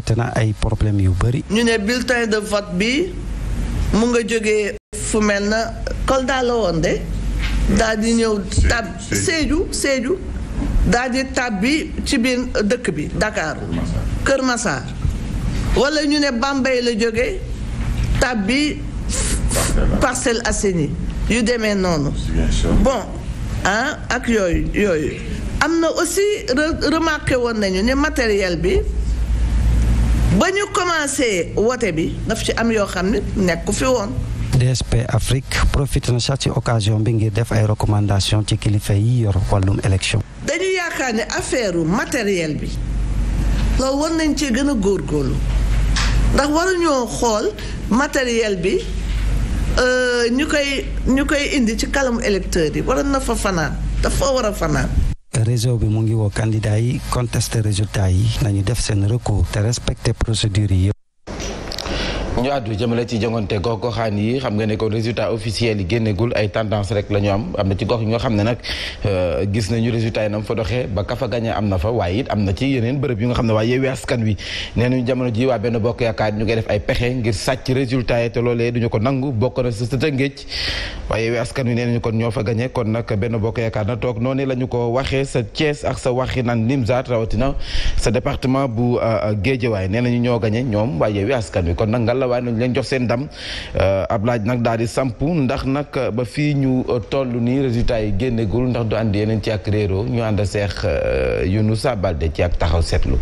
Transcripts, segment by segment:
traité na ay problème yu bëri. ñu ne bulletin de vote bi mu nga jóge fu mel na Kolda la woon de daal ñëw tab Sédhiou Sédhiou daal di tab bi ci biir dëkk bi Dakar Kër Massar wala ñu ne Bambey la jóge tab bi Parcelles Assainies yu demee noonu bon ah ak yooyu yooyu am na aussi remarqué woon nañu ne matériel bi ba ñu commencé woote bi daf ci am yoo xam ne nekku fi woon. DSP Afrique profité na sax ci occasion bi ngir def ay recommandation ci kilifa yi yor wàllum élection. dañu yaakaar ne affaire matériel bi loolu war nañ cee gën a góorlu ndax war ñoo xool matériel bi euh, ñu koy ñu koy indi ci kalamu électeurs yi war na fa fanaan dafa war a fanaan. réseau bi mu ngi woo candidat yi contester résultat yi nañu def seen recours te respecter procédure yi ñu àddu jëmale ci jongante gox goxaan yi xam nga ne kon résultat officiel yi génneegul ay tendance rek la am am na ci gox yi nga xam ne nag euh, gis nañu résultat yi nam fa doxee ba kafa gañe am na fa waaye it am na ci yeneen bërëb yi nga xam ne waaye Yewwi Askan Wi nee nañu jamono ji waa benn bokk yaakaar ñu ngi def ay pexe ngir sàcc résultat yi te loolee duñu ko nangu bokk na sa sa Tëngéej waaye Yewwi Askan Wi nee nañu kon ñoo fa gañe kon nag benn bokk yaakaar na toog noonu la ñu ko waxee sa Thiès ak sa waxi naan Nimzaat rawatina sa département bu euh, Guédiawaye nee nañu ñoo gañe ñoom waa Yewwi Askan Wi kon waaye nañ leen jox seen ndam euh, ab laaj nag daal di samp ndax nag euh, ba fii ñu euh, toll nii résultat yi génneegul ndax du ànd yeneen ci ak réero ñu ànd seex Younoussa Baldé ci ak taxaw seetlu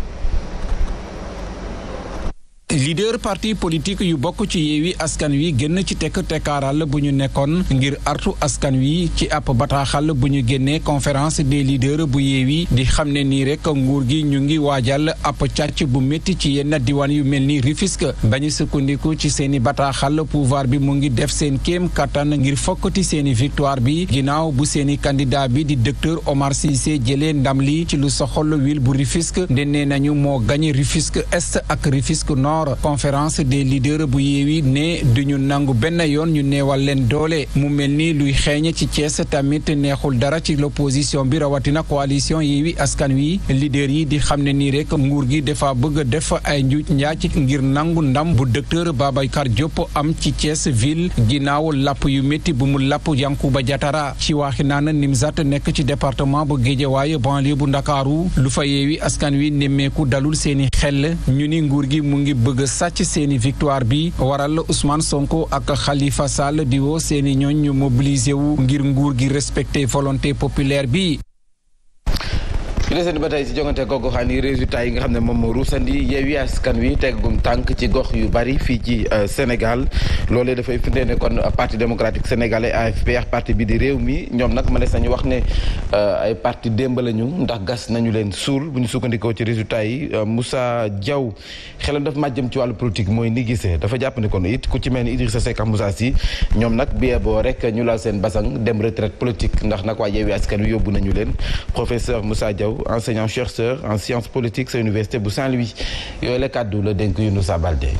leader partie politique yu bokk ci yeewi askan wi génn ci tekk tekkaaral bu ñu nekkoon ngir artu askan wi ci ab bataaxal bu ñu génnee conférence des leaders bu yeewi di xam ne nii rek nguur gi ñu ngi waajal ab càcc bu métti ci yenn diwaan yu mel ni Rufisque bañu sukkandiku ci seeni bataaxal pouvoir bi mu ngi def seen kéem kattan ngir fokkati seeni victoire bi ginnaaw bu seeni candidat bi di docteur Omar Cissé jëlee ndam li ci lu soxol wil bu Rufisque nde nañu moo gañe Rufisque Est genre conférence des leaders bu yeewi ne duñu nangu benn yoon ñu neewal leen doole mu mel ni luy xeeñ ci Thiès tamit neexul dara ci l'opposition bi rawatina coalition yeewi askan wi leader yi di xam ne nii rekk nguur gi dafa bëgg def ay njuuj njaac ngir nangu ndam bu docteur Babacar Diop am ci Thiès ville ginnaaw lapp yu métti bu mu lapp ba jatara ci waaxi naan Nimzat nekk ci département bu Guédiawaye banlieue bu Ndakaaru lu fa yeewi askan wi nemmeeku bëgg sàcc seeni victoire bi waral usmaan Sonko ak Khalifa Sall di woo seeni ñooñ ñu mobiliser wu ngir nguur gi respecter volonté populaire bi deseen ba tey ci jongante googu xaan yi résultat yi nga xam ne moom moo ruusandi Yewwi Askan Wi teggum tànk ci gox yu bari fii ci euh, Sénégal loolee dafay firndee ne kon parti démocratique sénégalais AFP ak parti bi di réew mi ñoom nag mënees nañu wax ne euh, ay parti démb lañu ndax gas nañu leen suul bu ñu sukkandikoo ci résultat yi euh, Moussa Diaw xelam dafa màjjëm ci wàllu politique mooy ni gisee dafa jàpp ne kon it ku ci mel ni Idrissa Seck ak Moussa Sy ñoom nag bie boo rek ñu laal seen basang dem retraite politique ndax nag waa Yewwi Askan Wi yóbbu nañu leen professeur Moussa Diaw enseignant chercheur en sciences politiques sa université bu Saint-Louis yooyu la kàddu la dénk Younoussa Baldé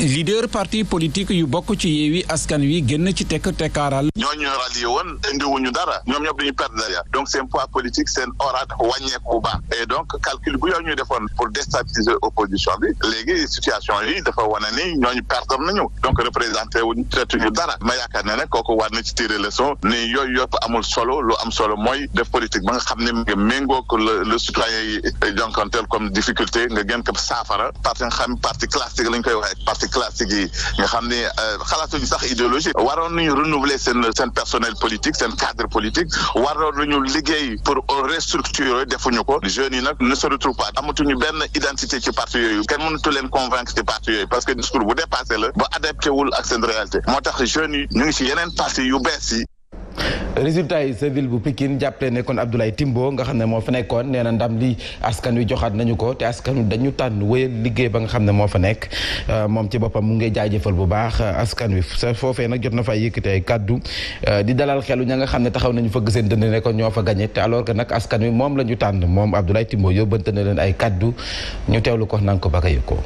leader parti politique yu bokk ci yeewi askan wi génn ci tekk tekkaaral ñooñu ñoo rallié woon indiwuñu dara ñoom ñëpp dañu perdre derrière donc seen poids politique seen aura dafa wàññeeku bu baax et donc calcul bu yooyu ñu defoon pour déstabiliser opposition bi léegi situation yi dafa wane ni ñooñu perdre nañu donc représenté wuñu traituñu dara ma yaakaar ne nag kooku war na ci tirer leçon ni yooy yëpp amul solo lu am solo mooy def politique ba nga xam ne nga méngoo ko le le citoyen yi jonkanteel comme difficulté nga gën ko saafara parti nga xam parti classique lañ koy waxee classique yi nga xam ne euh, xalaatuñu sax idéologie waroon nañu renouveler seen seen personnel politique seen cadre politique waroon nañu liggéey pour restructurer defuñu ko jeunes yi nag ne se retrouve pas amatuñu benn identité ci parti yooyu kenn mënatu leen convaincre ci parti yooyu parce que discours bu dépassé la ba adapté wul ak réalité moo tax jeunes yi ñu ngi ci yeneen parti yu bees yi résultat yi sa ville bu pikin jàppale ne kon Abdoulaye timboo nga xam ne moo fa nekkoon nee na ndam li askan wi joxaat nañu ko te askan wi dañu tànn wéyal liggéey ba nga xam ne moo fa nekk euh, moom ci boppam mu ngi jaajëfal bu baax askan wi sa foofee nag jot na fay yëkkati ay kàddu euh, di dalal xelu ña nga xam ne taxaw nañu fëgg seen dënd ne kon ñoo fa gagné te alors que nag askan wi moom la ñu tànn moom Abdoulaye Timbo yóbbante na leen ay kàddu ñu teewlu ko nanga ko ba ko.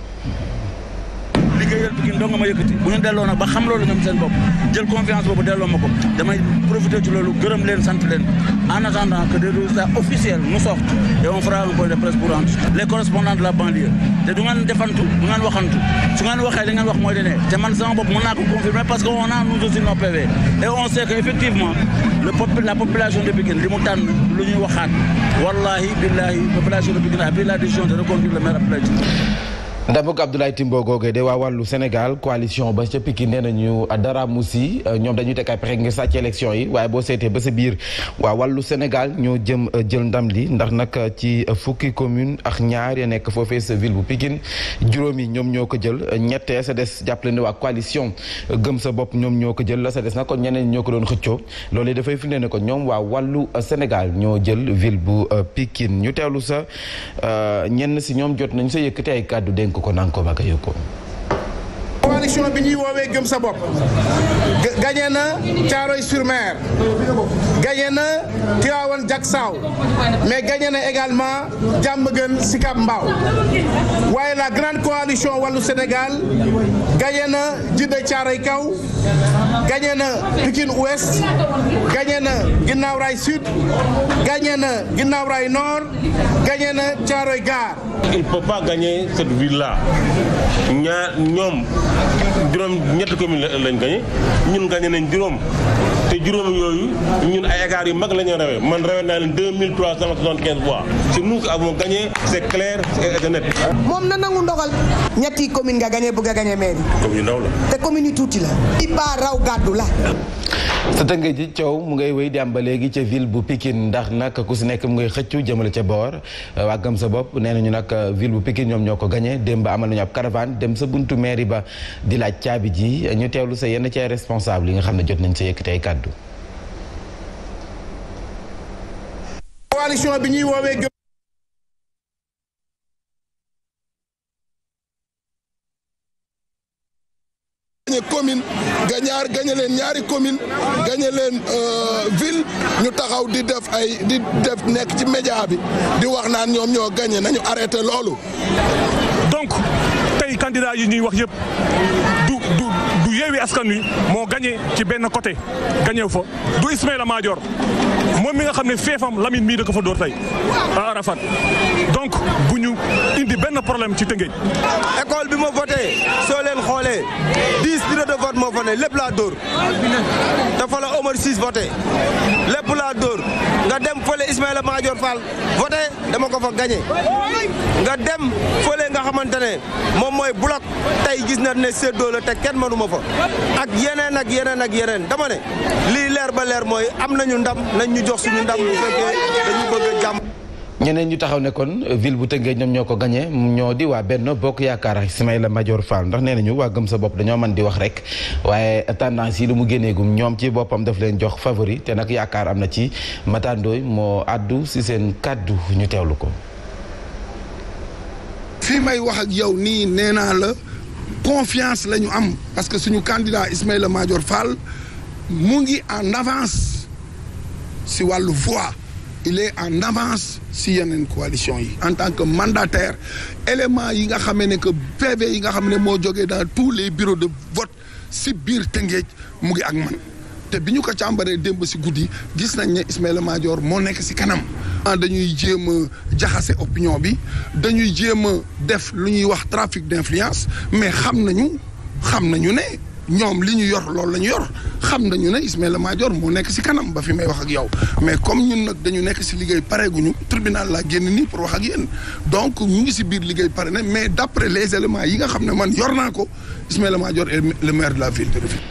liggéeyal Pikine dong ma yëkkati bu ñu delloo nag ba xam loolu ñoom seen bopp jël confiance boobu delloo ma ko damay profiter loolu gërëm leen sant leen en attendant que des résultats officiels nous on fera un point de presse pour en les correspondants de la banlieue te du ngeen defantu du ngeen waxantu su ngeen waxee li ngeen wax mooy dene te man sama bopp mën naa ko confirmer parce que on a nous aussi nos PV on sait effectivement la ndamuk Abdoulaye Timbo googee de waa wàllu Sénégal coalition ba ca Pikine nee nañu dara musi euh, ñoom dañuy teg ay pexe ngir sàcc élection yi waaye boo seetee ba sa biir waa wàllu Sénégal ñoo jëm euh, jël ndam li ndax nag euh, ci fukki commune ak ñaar nekk foofee sa ville bu Pikine juróom yi ñoom ñoo ko jël ñettee sa des jàppale ne waa coalition gëm sa bopp ñoom ñoo ko jël la sa des nag kon ñeneen ñoo ko doon xëccoo loolu dafay firnde ne ko ñoom waa wàllu Sénégal ñoo jël ville bu Pikine ñu teewlu sa ñenn si ñoom jot nañ sa yëkkati ay kàddu dénk dénk ko Nankoba Kayoko coalition bi ñuy woowee gëm sa bopp gagné na Thiaroye sur gañe na Tivaouane Diacksao mais gagné na également Diamaguène Sicap Mbao waaye la grande coalition wàllu Sénégal gagné na Djidda Thiaroye Kaw gagné na Pikine Ouest gagné na Guinaw Rail Sud na Guinaw Rail Nord na Thiaroye Gare il peut pas gagner cette ville ñun gagné nañ juróom te yu mag la ñu rawee man rawee naa leen deux mille trois cent soixante-quinze voix si nous commune nga gagné bëgg a gagné mairie. te commune yu tuuti la. Iba raw gàddu la. sa tënk coow mu ngay wéy di ba léegi ca ville bu Pikine ndax nag ku si nekk mu ngay xëccu jëmale ca boor waa Gëm sa bopp nee nañu nag ville bu Pikine ñoom ñoo ko gagné démb amal nañu ab caravane dem sa buntu mairie ba di laaj caabi ji ñu teewlu sa yenn ceer ay responsable yi nga xam ne jot nañ sa yëkkati ay kàddu Abdou. bi ñuy woowee commune ga ñaar gañe leen ñaari commune gañeleen leen euh, ville ñu taxaw di def ay di def nekk ci média bi di wax naan ñoom ñoo gañe nañu arrêté loolu donc tey candidat yi ñuy wax yëpp du yeewi askan wi moo gagné ci benn côté gagné fa du Ismaïla Madior moom mi nga xam ne feefam Lamine mii da ko fa dóor tey a rafat donc bu ñu indi benn problème ci Tëngéej. école bi ma voté soo leen xoolee dix bureaux de vote moo fa ne lépp laa dóor dafa la Omar Ciss voté lépp laa dóor nga dem fële Ismaïla Madior Fall voté dama ko fa gagné nga dem fële nga xamante ne moom mooy bloc tey gis na ne séddoo la te kenn mënuma fa ak yeneen ak yeneen ak yeneen dama ne lii leer ba leer mooy am nañu ndam nañ ñu jox suñu ndam ñeneen ñu taxaw ne kon ville bu Tëngéej ñoom ñoo ko gagné ñoo di waa benn Bokk Yaakaar Ismaïla major Fall ndax nee nañu waa gëm sa bopp dañoo man di wax rek waaye tendance yi lu mu génneegum ñoom ci boppam daf leen jox favori te nag yaakaar am na ci matandooy moo àddu si seen kàddu ñu teewlu ko. fii may wax ak yow nii nee la confiance lañu am parce que suñu candidat Ismaïla Madior Fall mu ngi en avance. si wàllu voix il est en avance si yeneen coalition yi en tant que mandataire élément yi nga xamee ne que PV yi nga xam ne moo jógee daal tous les bureaux de vote si biir Tëngéej mu ngi ak man te bi ñu ko càmbaree démb si guddi gis nañ ne Ismaïla Madior moo nekk si kanam. Ah, dañuy jéem a jaxase opinion bi dañuy jéem a def lu ñuy wax trafic d'influence mais xam nañu xam nañu ne. ñoom li ñu yor loolu la ñu yor xam nañu ne Ismaïla Madior moo nekk si kanam ba fi may wax ak yow mais comme ñun nag dañu nekk si liggéey pareeguñu tribunal laa génn nii pour wax ak yéen donc ñu ngi si biir liggéey pare na mais d' après les éléments yi nga xam ne man yor naa ko Ismaïla Madior est le maire de la ville de Rufisque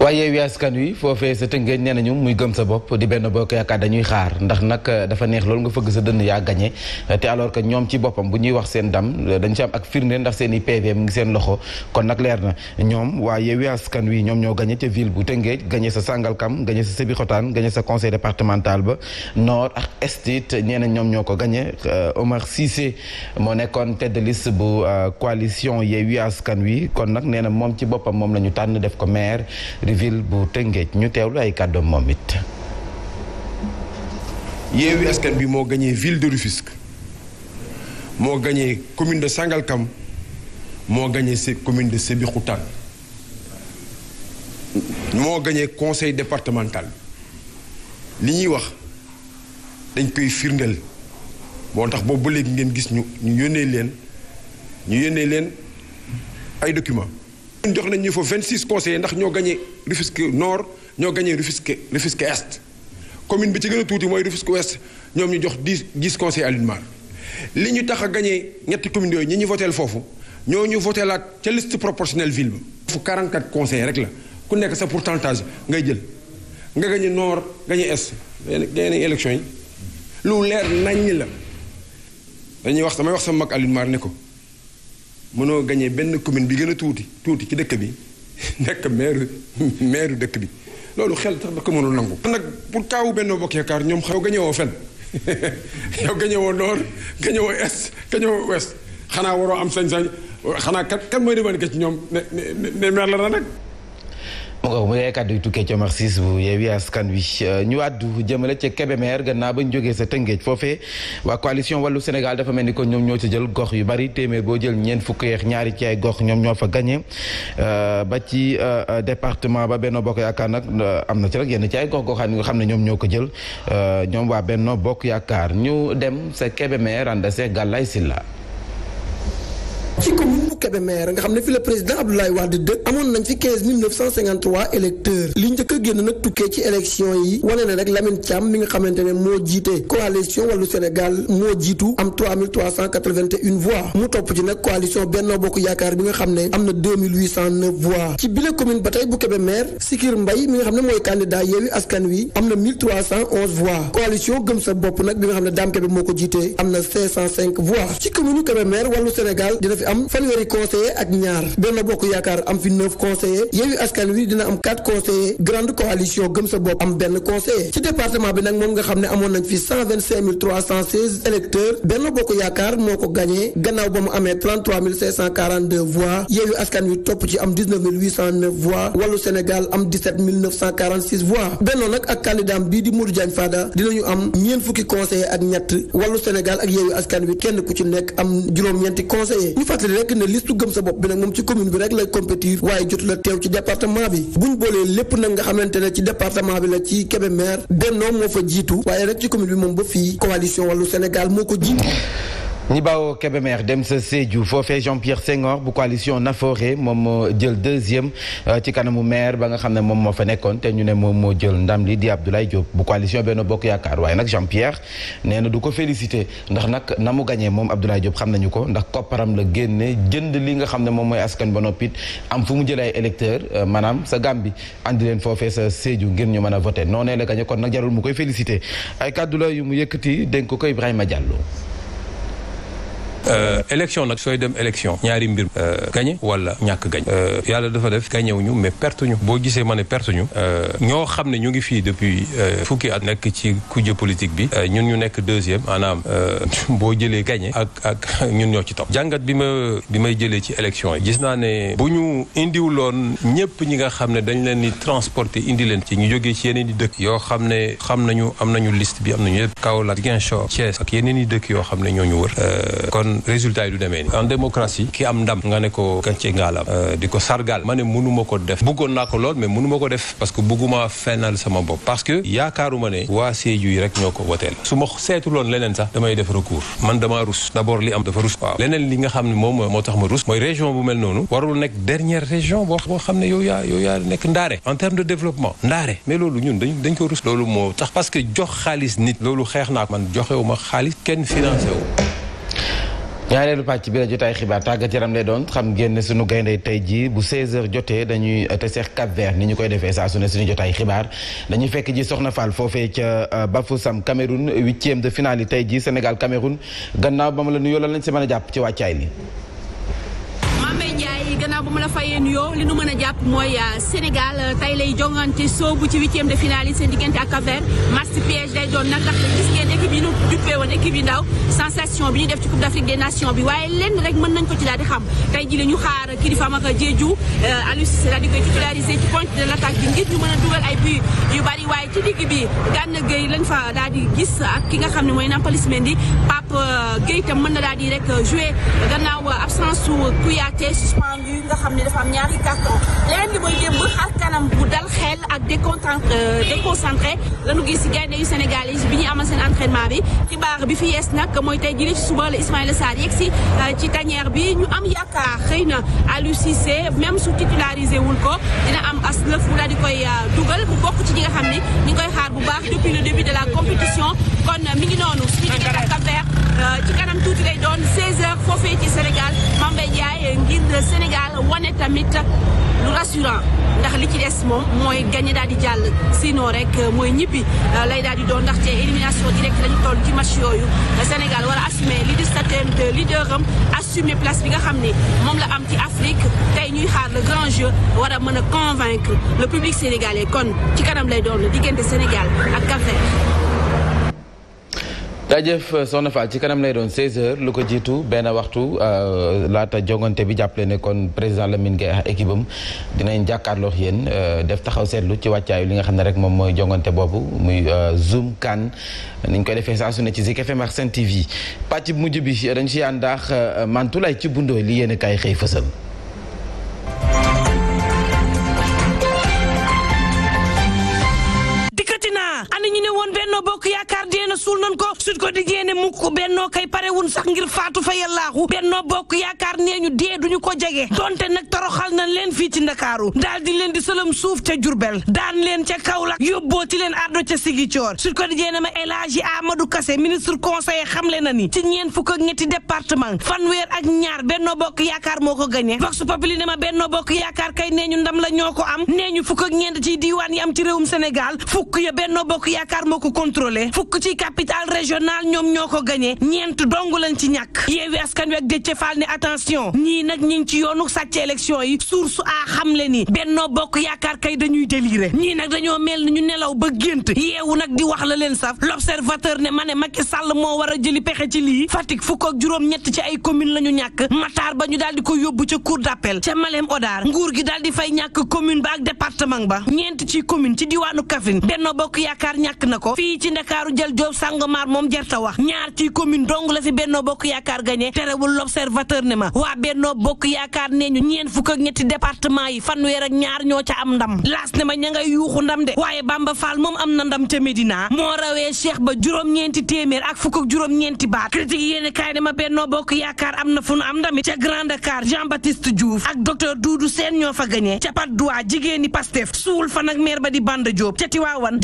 waaye Yewwi Askan Wi foofee sa tëngeej nee nañu muy gëm sa bopp di benn bokk yaakaar dañuy xaar ndax nag eh, dafa neex loolu nga fëgg sa dënn yaa gagné eh, te alors que ñoom ci boppam bu ñuy wax seen dam eh, dañ ci am ak firnde ndax seen i PV mu ngi seen loxo kon nag leer na ñoom waa Yewwi Askan Wi ñoom ñoo gagné ca ville bu tëngeej gagné sa Sangalkam gagné sa Sébikotane gagné sa conseil départemental ba nord ak ñee nañ ñoom ñoo ko gagné Omar Cissé moo nekkoon tête de liste bu coalition Yewwi Askan Wi kon nag nee na moom ci boppam moom la ñu tànn def ko maire di ville bu Tëngéej ñu teewlu ay kàddoom moom it. Yewwi Askan Wi moo gañee ville de Rufisque moo gañee commune de Sangalkam moo gagné commune de Sébikotane moo gañee conseil départemental li ñuy wax dañ koy firndeel moo tax boobu ba léegi ngeen gis ñu ñu yónnee leen ñu yónnee leen ay documents. ñun jox nañ ñu fa 26 conseillers ndax ñoo gagné Rufisque Nord ñoo gagné Rufisque Rufisque Est commune bi ci gën a tuuti mooy Rufisque Ouest ñoom ñu jox 10 10 conseillers Alioune Mar li ñu tax a gagné ñetti communes yooyu ñi ñu voteel foofu ñoo ñu voteelaat ca liste proportionnelle ville ba. fu 44 conseillers rek la ku nekk sa pourcentage ngay jël nga gagné noor gagné Est gagné nañ élection yi lu leer nañ la dañuy wax samay wax sa mag Alioune ni ko. mënoo gañee benn commune bi gën a tuuti tuuti ci dëkk bi nekk maire maire dëkk bi loolu xel sax da ko mënul nangu. nag pour kaawu Benno Bokk Yaakaar ñoom xaw gañe woo fen yow gañe woo nord gañe woo est xanaa waroo am sañ-sañ xanaa kat kan mooy revendiquer ci ñoom ne ne ne la nag. mu ko mu dee kàddu yi tukkee ca Omar Ciss bu Yewwi Askan Wi euh, ñu àddu jëmale ca Kébémer gannaaw ba sa Tëngéej foofee waa coalition wàllu Sénégal dafa mel ni ko ñoom ñoo ci jël gox yu bari téeméer boo jël ñeent fukk yeex ñaari ci gox ñoom ñoo fa gagné euh, ba ci euh, département ba Benno Bokk Yaakaar nag am na ci rek yenn ci ay gox goxaan yi nga xam ne ñoom ñoo ko jël ñoom waa Benno Bokk Yaakaar ñu dem sa Kébémer ànd seex Gàllaay Silla Kébémer nga xam ne fi la président Abdoulaye Wade dëkk amoon nañ fi 15 li njëkk a génn nag tukkee ci élection yi wane na rek Lamine Thiam mi nga xamante ne moo jiite coalition wàllu Sénégal moo jiitu am ci bile commune ba tey bu Kébémer Sikir Mbay mi nga xam ne mooy candidat Yewwi Askan Wi am na 1311 voix coalition Gëm Sa Bopp nag bi nga xam ne Dame Kébé moo ko jiitee am na 505 voix ci commune Kébémer wàllu Sénégal dina fi conseillers ak ñaar benn bokk yaakaar am fi neuf conseillers Yewwi Askan Wi dina am quatre conseillers grande coalition gëm sa bopp am benn conseiller ci département bi nag moom nga xam ne amoon nañ fi cent vingt cinq mille trois cent seize électeurs benn bokk yaakaar moo ko gagné gannaaw ba mu amee trente trois Askan Wi topp ci am dix Wallu Sénégal am dix sept nag ak candidat bii di Modou Diagne Fada dinañu am ñeent fukki conseillers ak ñett Wallu Sénégal ku ci nekk am juróom-ñeenti conseillers listu gëm sa bopp bi nag moom ci commune bi rek lay compétir waaye jotu la teew ci département bi buñ boolee lépp nag nga xamante ne ci département bi la ci Kébémer Benno moo fa jiitu waaye rek ci commune bi moom ba fii coalition wàllu Sénégal moo ko jiitu ñi bawoo Kébémer dem sa Sédhiou foofee Jean-Pierre Senghor bu coalition Nafoore moom moo jël deuxième euh, ci kanamu maire ba nga xam ne moom moo fa nekkoon te ñu ne moom moo jël ndam li di Abdoulaye Diop bu coalition benn Bokk Yaakaar waaye nag Jean-Pierre nee na du ko félicité ndax nag na mu gañee moom Abdoulaye Diop xam nañu ko ndax kopparam la génne jënd li nga xam ne moom mooy askan ba noppit am fu mu jëlee ay électeurs euh, maanaam sa Gàmbi andi leen foofee sa Sédhiou ngir ñu mën a voté noonee la gañe kon nag jarul mu koy félicité ay kàddu la yu mu yëkkati dénk ko Ibrahima Diallo Euh, élection nag sooy dem élection ñaari mbir euh, gañe wala ñàkk gañ euh, yàlla dafa def gañewuñu mais perte boo gisee ma ne perte ñu ñoo xam ne ñu ngi fii depuis fukki at nekk ci kujje politique bi ñun ñu nekk deuxième maanaam boo jëlee gañe ak ak ñun ñoo ci topp jàngat bi ma bi may jëlee ci élection yi gis naa ne bu ñu indiwuloon ñëpp ñi nga xam ne dañ leen di transporter indi leen ci ñu jógee ci yeneen i dëkk yoo xam ne xam nañu am nañu list bi am nañu yëpp Kaolack Ziguinchor Thiès ak yeneen i dëkk yoo xam ne ñoo ñu wër résultat yi du demee nii en démocratie ki am ndam nga ne ko gàcce ngaalam euh, di ko sargal ma ne mënuma ko def bëggoon naa ko lool mais mënuma ko def parce que bëgguma fennal sama bopp parce que yaakaaruma ne waa Sédhiou yi rek ñoo ko woteel su ma seetuloon leneen sax damay def recours man dama rus d'abord li am dafa rus waaw leneen li nga xam ne moom moo tax ma rus mooy région bu mel noonu warul nekk dernière région boo boo xam ne yow yaa nekk ndaare en terme de développement ndaare ñun dañ dañ ko rus loolu moo tax parce que jox xaalis nit loolu xeex naa man joxewu ma xaalis kenn financé wu ñaareelu pàcc bi la jotaay xibaar tàggat yaram lay doon xam ngeen ne suñu gayndey tey jii bu 16h jotee dañuy euh, teseex Cap Vert ni ñu koy defee saa su ne suñu jotaay xibaar dañuy fekk ji Soxna Fall foofee ca euh, Bafoussam Cameroun huitième de finale yi tey jii Sénégal Cameroun gannaaw ba ma la nuyoo lan lañ si mën a jàpp ci wàccaay li gannaaw ba ma la fayee yoo li nu mën a jàpp mooy euh, Sénégal euh, tey lay jongante soobu ci huitième de finale yi seen diggante ak Cap-Vert match piège day doon nag ndax gis ngeen équipe yi nu duppee woon équipe yi ndaw sensation bi ñu def ci Coupe d'Afrique des Nations bi waaye lenn rek mën nañ ko ci daal di xam tey ji la ñu xaar Kilifeu Maga Diédhiou euh, Aliou Cissé daal di koy titularisé ci pointe de l'attaque bi ngir ñu mën a dugal ay but yu bari waaye ci digg bi Gana Gueye lañ fa daal di gis ak ki nga xam ne mooy Nampalys Mendy Pape Gueye tam mën na daal di rek jouer gannaaw absence su Kouyaté yu nga xam ne dafa am ñaari carton leneen li mooy démb xar kanam bu dal xel ak déconcentré euh, lañu gis ci gaynde yu Sénégal yi bi ñuy amal seen entraînement bi fi yees nag mooy tey jii ci suba la Ismaïla Sarr yegg si euh, ci tanière bi ñu am yaakaar xëy na Aliou Cissé même su titularisé wul ko dina am as lëf bu daal di koy euh, dugal mu bokk ci ñi nga xam ne ñu ngi koy xaar bu baax depuis le début de la compétition kon mi ngi noonu. Euh, ci kanam tuuti lay doon 16h foofee ci Sénégal Mame Mbaye ngir Sénégal wane tamit lu rassurant ndax li ci des moom mooy gagné daal di jàll sino rek euh, mooy ñibbi euh, lay daal di doon ndaxte élimination directe lañu toll ci match yooyu Sénégal war a assumer li di de leader am place bi nga xam ne moom la am ci Afrique tey ñuy xaar le grand jeu war a mën a convaincre le public sénégalais kon ci kanam lay doon diggante Sénégal ak cap jaajëf soxna Fall ci kanam lay doon 16 lu ko jiitu benn waxtu euh, laata jongante bi jàppale ne kon président Lamine Gueye ak équipe am dinañ jàkkaarloo ak yéen euh, def taxaw seetlu ci wàccaayu li nga xam ne rek moom mooy jongante boobu muy euh, Zoom CAN niñ koy defee saa su ne ci si FM ak Sen TV pàcc bu mujj bi dañ si ànd ak Mantoulaye ci bundoo li yéen a kaay xëy fësal. dikkati naa. ani ñu ne woon Benno Bokk Yaakaar dina suul nañ ko. Sud Quotidien ne mukk bennoo kay pare wun sax ngir faatu fa yàllaaxu bennoo bokk yaakaar nee ñu dee duñu ko jege donte nag toroxal nañ leen fii ci ndakaaru daal di leen di sëlëm suuf ca Jurbel daan leen ca Kaolack ci leen ardo ca Sigicoor Sud Quotidien ne ma El Hadji Amadou Kassé ministre conseiller xamle na ni ci ñeen fukk ak ñetti département fanweer ak ñaar bennoo bokk yaakaar moo ko gagné Vox Populi ne ma bennoo bokk yaakaar kay nee ñu ndam la ñoo ko am nee fukk ak ci diiwaan yi am ci réewum Sénégal fukk ya bennoo bokk yaakaar moo ko contrôlé fukk ci capitale régional naal ñoom ñoo ko gañee ñeent dong lañ ci ñàkk yeewi askan wi ak Déthié Fall ne attention ñii nag ñi ngi ci yoonu sàcc élection yi source a xam le ni bennoo bokk yaakaar kay dañuy déliré ñii nag dañoo mel ni ñu nelaw ba gént yeewu nag di wax la leen saf l'observateur ne ma ne Macky Sall moo war a jëli pexe ci lii Fatick fukk ak juróom-ñett ci ay commune la ñu ñàkk Matar ba ñu daal di ko yóbbu ca cour d'appel ca Malem Odar nguur gi daal di fay ñàkk commune ba ak département ba ñeent ci commune ci diwaanu Kaffrine bokk yaakaar ñàkk na ko fii ci Ndakaaru jël gerte wax ñaar ci commune dong la si Benno Bokk Yaakaar gagné terewul l'observateur ne ma waa Benno Bokk Yaakaar nee ñu ñeent fukk ak ñetti département yi fanweer ak ñaar ñoo ca am ndam laas ne ma ña yuuxu ndam de waaye Bamba Fall moom am na ndam ca Médina moo rawee Cheikh ba juróom-ñeenti téeméer ak fukk ak juróom-ñeenti baat critique yéene kaay ne ma Benno Bokk Yaakaar am na fu nu am ndamit ca Grand Dakar Jean Baptiste Diouf ak docteur Doudou Sène ñoo fa gagné ca Patte d'Oie jigéeni di Banda Diop ca Tiwaawan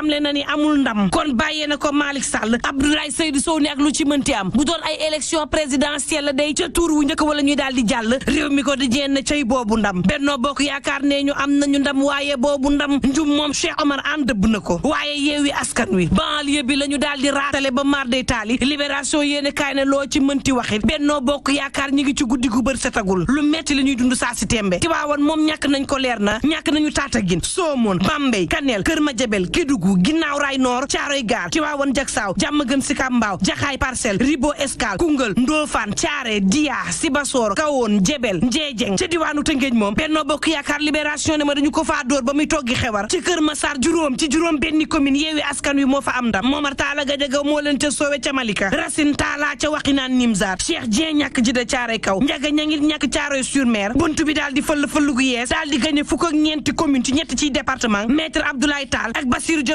xamle na ni amul ndam kon bàyyee na ko Malick Sall Abdoulaye Seydou Sow ni ak lu ci mënti am bu doon ay élection présidentielle day ca tuur wu njëkk wala ñuy daal di jàll réew mi ko di jeen na cay boobu ndam Benno Bokk Yaakaar nee ñu am na ñu ndam waaye boobu ndam njum moom Cheikh Omar Anne dëbb na ko waaye yeewi askan wi banlieue bi la ñu daal di raatale ba mar day taali libération yéene kaay loo ci mënti waxit Benno Bokk Yaakaar ñi ngi ci guddi gu bër setagul lu metti li ñuy dund saa si tembe Tiwaawan moom ñàkk nañ ko leer na ñàkk nañu taatagin Soomoon Bambey Kanel Kër Madiabel Kédougou Kédougou ginnaaw Rail Nord Thiaroye Gare Tivaouane Diacksao Diamaguène Sicap Mbao Jaxaay Parcelles Ribot Escale Koungheul Ndofane Thiaré Dia Sibassor Kahone Diébel Ndiédiène ca diwaanu Tëngéej moom Benno Bokk Yaakaar Libération ne ma dañu ko faa dóor ba muy toggi xewar ci Kër Massar juróom ci juróom benni commune Yewwi Askan Wi moo fa am ndam Momar Talla Gadiaga moo leen ca soowe ca Malika Racine Talla ca Wakhinane Nimzatt Cheikh Dieng ñàkk ji de Thiaroye Kaw Ndiaga ñangit ñàkk Thiaroye sur Mer bunt bi daal di fëll fëll gu yees daal di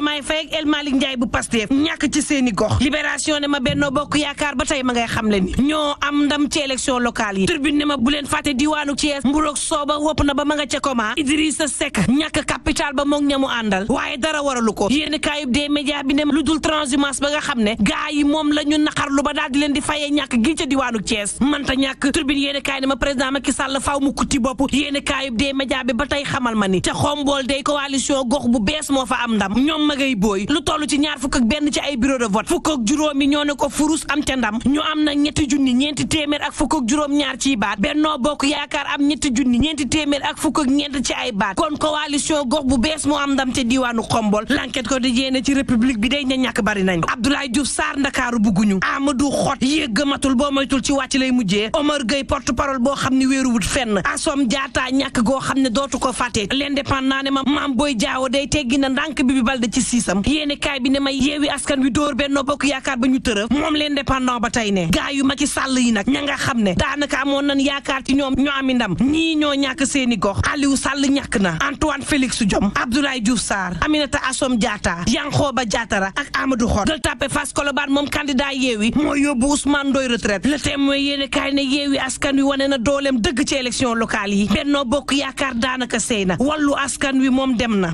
Diomaye Faye ak El Malick bu Pastef ñàkk ci seeni gox libération ne ma Benno Bokk Yaakaar ba tey ma ngay xam le ni ñoo am ndam ci élection locale yi turbine ne ma bu leen fàtte diwaanu Thiès mburoog sooba wopp na ba ma nga ca koma Idrissa Seck ñàkk capital ba moog ñamu àndal waaye dara waralu ko yéen kaayub des médias bi ne lu dul transhumance ba nga xam ne gaa moom la ñu lu ba daal leen di faye ñàkk gi ca diwaanu Thiès manta ñàkk turbine yéen kaay ne ma président Macky Sall faaw mu kutti bopp yéen kaayub des médias bi ba tey xamal ma ni ca xombool day coalition gox bu bees moo fa am ndam magay booy lu toll ci ñaar fukk ak benn ci ay bureau de vote fukk ak juróomi ñoo ne ko furus am ca ndam ñu am nag ñetti junni ñeenti téeméer ak fukk ak juróom-ñaar ciy baat bennoo bokk yaakaar am ñetti junni ñeenti téeméer ak fukk ak ñeent ci ay baat kon coalition gox bu bees moo am ndam ca diiwaanu xombol l'enquête ko di yéene ci république bi day ña ñàkk bari nañ Abdoulaye Diouf Sarr ndakaaru bugguñu Amadou Xot yéggamatul boo moytul ci wàcc lay mujjee Omar Gueye porte parole boo xam ne wéeruwut fenn asom jaata ñàkk goo xam ne dootu ko fàtte l'indépendant ne ma maam booy jaawo day teggi na ndànk bi bi balde ci siisam yéene kaay bi ne may yeewi askan wi dóor Benno Bokk Yaakaar ba ñu tërëf moom l'Indépendant ba tey ne gaa yu Macky Sall yi nag ña nga xam ne daanaka amoon nañ yaakaar ci ñoom ñoo ami ndam ñii ñoo ñàkk seeni gox Aliou Sall ñàkk na Antoine Félix Diome Abdoulaye Diouf Sarr Aminata Assom Diatta Yankhoba Diattara ak Amadou Hott Gueule Tapée Fass Colobane moom candidat yeewi moo yóbbu Ousmane Ndoye retraite le témoin yéene kaay ne yeewi askan wi wane na dooleem dëgg ci élection locale yi Benno Bokk Yaakaar daanaka sey na wàllu askan wi moom dem na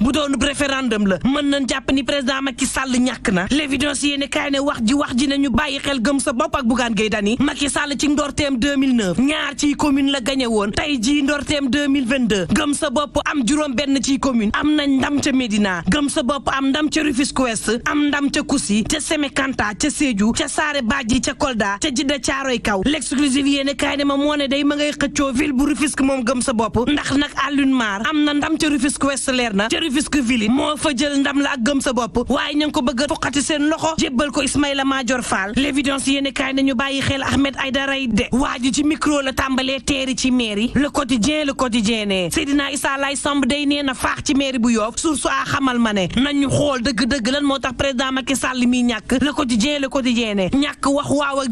jàpp ni président Macky Sall ñàkk na l'évidence yéene kaay ne wax ji wax ji nañu bàyyi xel gëm sa bopp ak Bougane Gueye Dany Macky Sall ci ndorteem 2009 ñaar ciy commune la gañe woon tey jii ndorteem gëm sa bopp am juróom benn ciy commune am nañ ndam ca Médina gëm sa bopp am ndam ca Rufisque Ouest am ndam ca Kousi ca Sémékanta ca Sédhiou ca Saare Badji ca Kolda ca Djidda Thiaroye Kaw l'exclusive yéene kaay ne ma moo ne day ma ngay xëccoo ville bu Rufisque moom gëm sa bopp ndax nag Alioune na ndam ca na ca Rufisque ville moo fa jël ak gëm sa bopp waaye ña ko bëgg a foqati seen loxo jébbal ko Ismaïla Madior Fall l'évidence yéeni kaay nañu bàyyi xel Ahmed Aïdara yi de waa ci micro la tàmbalee teeri ci mairie le quotidien le quotidien ne Seydina Samb day nee faax ci mairie bu Yoff source a xamal ma ne nañu xool dëgg-dëgg lan moo tax président Macky Sall mi ñàkk le quotidien le quotidien ne ñàkk wax waaw ak